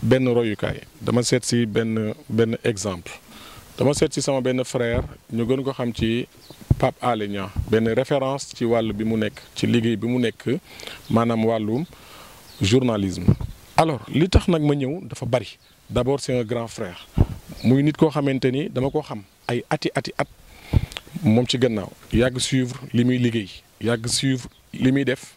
Ben royukaay dama seet si ben, ben exemple dama seet sama ben frère ñu gën ko xam ci Pape alignan ben référence ci walu bi mu nekk ci liguey bi mu nekk manam walu journalisme. alors li tax nak ma dafa bari d'abord c'est un grand frère muy nit ko xamanteni dama ko xam ay ati ati at mom ci gannaaw yàgg suivre li liguey liggéey suivre li def.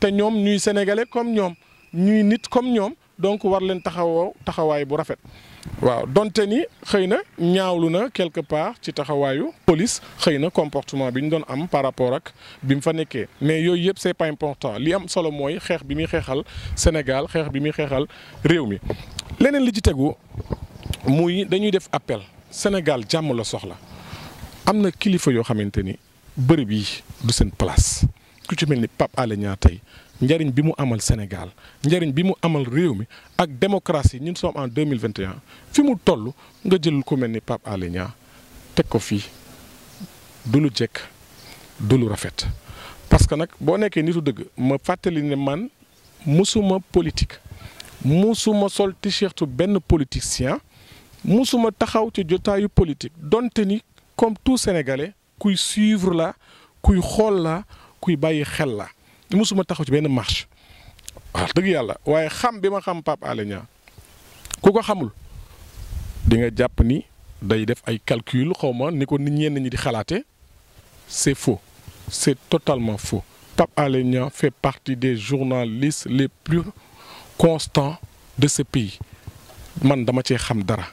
té ñom sénégalais comme sommes ñuy nit comme donc war leen taxawoo taxawaay bu rafet waaw donte ni xëy ñaawlu quelque part ci police xëy comportement bi ñu doon am par rapport ak bi fa mais yooyu yëpp c'est pas important li am solo Sénégal xeex bi muy leneen def appel Sénégal jàmm la soxla am kilifa du place ku ci melni ni Pape tay Niang bi mu amal Sénégal njëriñ bi mu amal réew mi ak démocratie ñun sommes en 2021 fi mu tollu nga jël ku melni pap Pape tek ko fi du lu jekk du lu rafet parce que nak bo nekkee nitu deug ma fàttali ne man musuma politique musuma sol t-shirt ben politicien musuma taxaw ci jotaayu politique donte ni comme tout sénégalais kuy suivre la kuy xol la kuy bàyyi xel la te taxaw ci benn marche wax dëgg yàlla waaye xam bi ma xam Pape Alé Niang ku ko xamul di nga jàpp ni day def ay calcul xaw ma ni ko nit ñi di c'est faux c'est totalement faux Pape Alé fait partie des journalistes les plus constants de ce pays man dama cee xam dara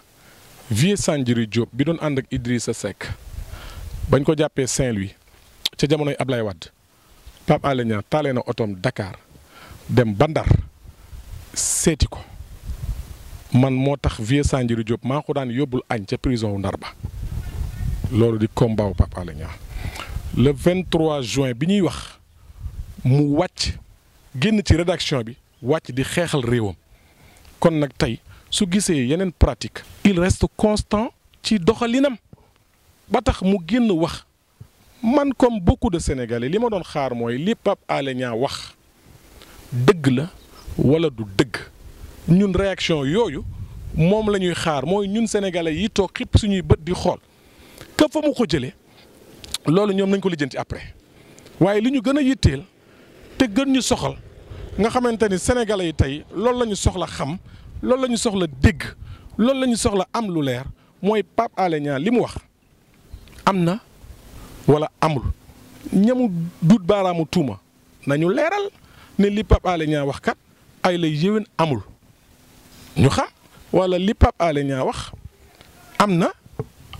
Vieux Sanjiri Diop bi doon ànd ak Idrissa Seck bañ ko jàppee Saint-Louis ca jamonoy Ablaye papa alenya talena otom Dakar dem bandar setiko man motax tax vieux job Diop maa yobul daan ci prison ndarba lolu di combat wu alenya le 23 juin biñuy wax mu wacc genn ci rédaction bi wacc di xéxal réewam kon nak tay su gisee yenen pratique il reste constant ci doxalinam ba tax mu genn wax man comme beaucoup de sénégalais li ma doon xaar mooy li Pape Alé wax dëgg la wala du dëgg ñun réaction yooyu moom la ñuy xaar mooy ñun sénégalais yi toog xipp suñuy bët di xool ka fa mu ko jëlee loolu ñoom nañ ko lijjanti après waaye li ñu gën a yitteel te gën ñu soxal nga xamante ni sénégalais yi tey loolu la ñu soxla xam loolu lañu soxla dégg loolu lañu soxla am lu leer mooy Pape Alé Niang li mu wax am na. wala amul ñamu dut baramu tuma nañu nous ne li pap aleña wax kat ay lay amul ñu xam wala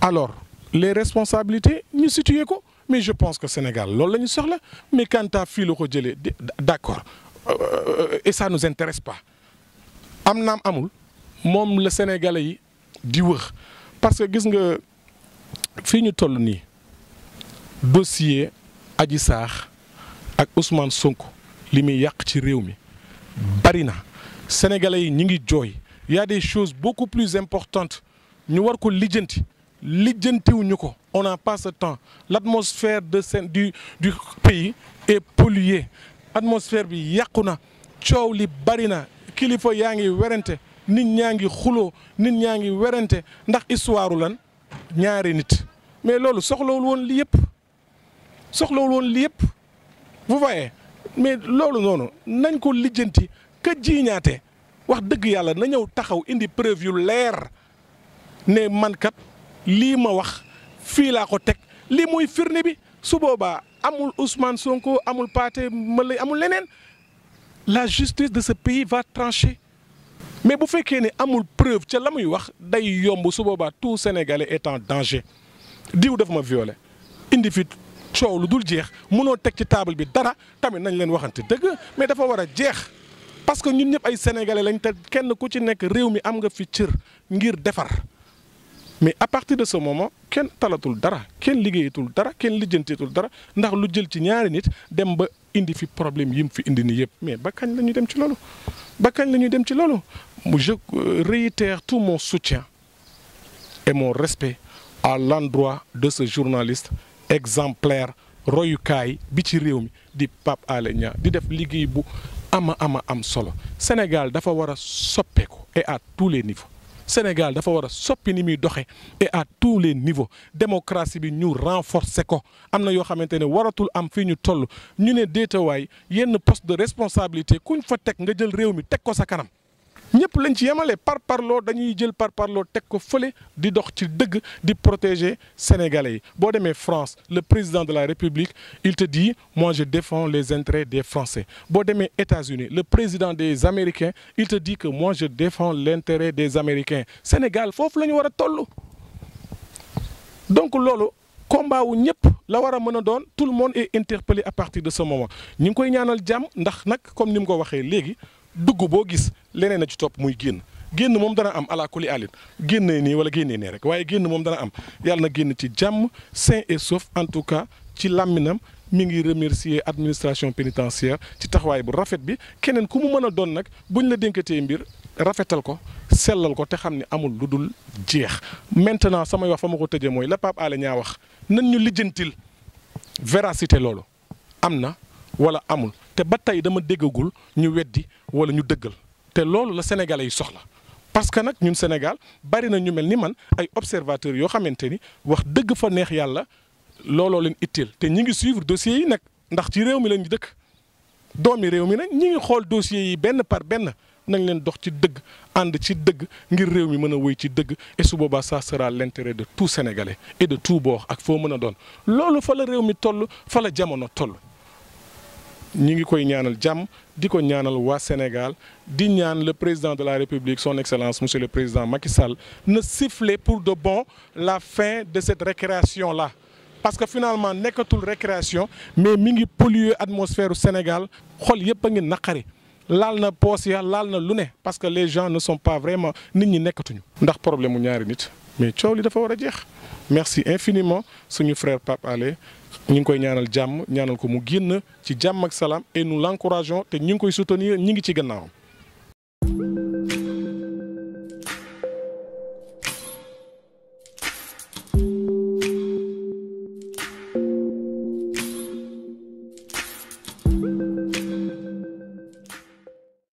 alors les responsabilités nous situé ko mais je pense que Sénégal lool que soxla mais quand tu as fait ko d'accord euh, et ça nous intéresse pas amna amul mom le sénégalais yi di parce que gis nga que ñu dossier Adji Sarr ak Ousmane Sonko limi muy ci réew mi bari na sénégalais yi ñu ngi il y a des choses beaucoup plus importantes ñu war ko lijeenti lijjantiwuñu ko on n'a pas ce temps l'atmosphère de du du pays est polluée atmosphère bi yàqu ciow li bari na kilifa yaa ngi werante nit ñaa ngi xuloo nit ñaa ngi werante ndax histoire lan ñaari nit mais loolu soxlawul won li yëpp soxlawul woon li vous voyez mais loolu noonu nañ ko lijjanti de jiiñaate wax dëgg yàlla na ñëw taxaw indi preuve yu ne man kat lii ma wax fii laa ko muy amul Ousmane Sonko amul Paté, amul la justice de ce pays va trancher mais bu fekkee ne amul preuve ca la wax day yomb su tout Sénégalais est en danger daf ma coow lu dul jeex mënoo teg ci table bi dara tamit nañ leen waxante dëgg mais dafa wara a jeex parce que ñun ñëpp ay sénégalais lañ te kenn ku ci nekk réew am nga fi cër ngir defar mais à partir de ce moment kenn talatul dara kenn liggéeyatul dara kenn lijjanteetul dara ndax lu jël ci ñaari nit dem ba indi fi problème yim fi indi ni yëpp mais ba kañ la dem ci loolu ba kañ la dem ci loolu je euh, réitère tout mon soutien et mon respect à l'endroit de ce journaliste exemplaire royukaay bi ci réew mi di Pape Alé Niang di def liggéey bu ama ama am solo Sénégal dafa war a soppeeku et à tous les niveaux Sénégal dafa war a soppi ni muy doxe et à tous les niveau démocratie bi ñu renforcer ko am na yoo xamante ne waratul am fii ñu toll ñu ne déetawaay yenn poste de responsabilité kuñ fa teg nga jël réew mi teg ko sa kanam ñëpp lañ ci yemale par parlo dañuy jël par parlo tek ko feulé di dox ci dëgg di protéger sénégalais yi boo France le président de la République il te dit moi je défends les intérêts des Français bo démé États-Unis le président des Américains il te dit que moi je défends l'intérêt des Américains Sénégal fofu la wara tollu donc loolu combat wu ñëpp la wara a doon tout le monde est interpellé à partir de ce moment ñing koy ñaanal jam, ndax nak comme ni ko waxé légui dugg boo gis leneen a ci topp muy génn génn moom dana am ala kuli alin génnee nii wala génnee nii rek waaye génn moom dana am yàlla na génn ci jàmm sain et sauf en tout cas ci làmminam mi ngi remercier administration pénitentiaire ci taxawaay bu rafet bi keneen ku mu mën a doon nag buñ la dénkatee mbir rafetal ko sellal ko te xam ni amul lu dul jeex maintenant samay wax fa ma ko tëjee mooy la Pape Alé ñaa wax nan ñu lijjantil véracité loolu am na wala amul té ba dama déggagul ñu weddi wala ñu dëggal té loolu la sénégalais yi soxla parce que nak ñun Sénégal bari na ñu melni man ay observateurs yo xamanteni wax dëgg fa neex yalla looloo leen itteel té ñi ngi suivre dossier yi nak ndax ci réew mi lañu dëkk doomi réew mi nak ñi ngi xol dossier yi benn par benn nañ leen dox ci dëgg and ci dëgg ngir réew mi mëna woy ci dëgg et su boobaa ça sera l'intérêt de tout sénégalais et de tout boox ak fo mëna doon loolu fa la réew mi tollu fa la jamono tollu nous avons koy ñaanal nous di ko ñaanal wa Sénégal di le président de la République son excellence monsieur le président Macky Sall ne siffler pour de bon la fin de cette récréation là. parce que finalement toute récréation mais mi ngi polluer atmosphère Sénégal xol yépp a ngi naqari laal na pos ya laal na se parce que les gens ne sont pas vraiment nit ñi nekatuñu ndax problème ñaari nit mais coow li dafa wara jeex merci infiniment suñu frère Pape Alé ñu ngi koy ñaanal jamm ñaanal ko mu génn ci jamm ak salam et nous l'encourageons té ñu ngi koy soutenir ñu ngi ci gannaaw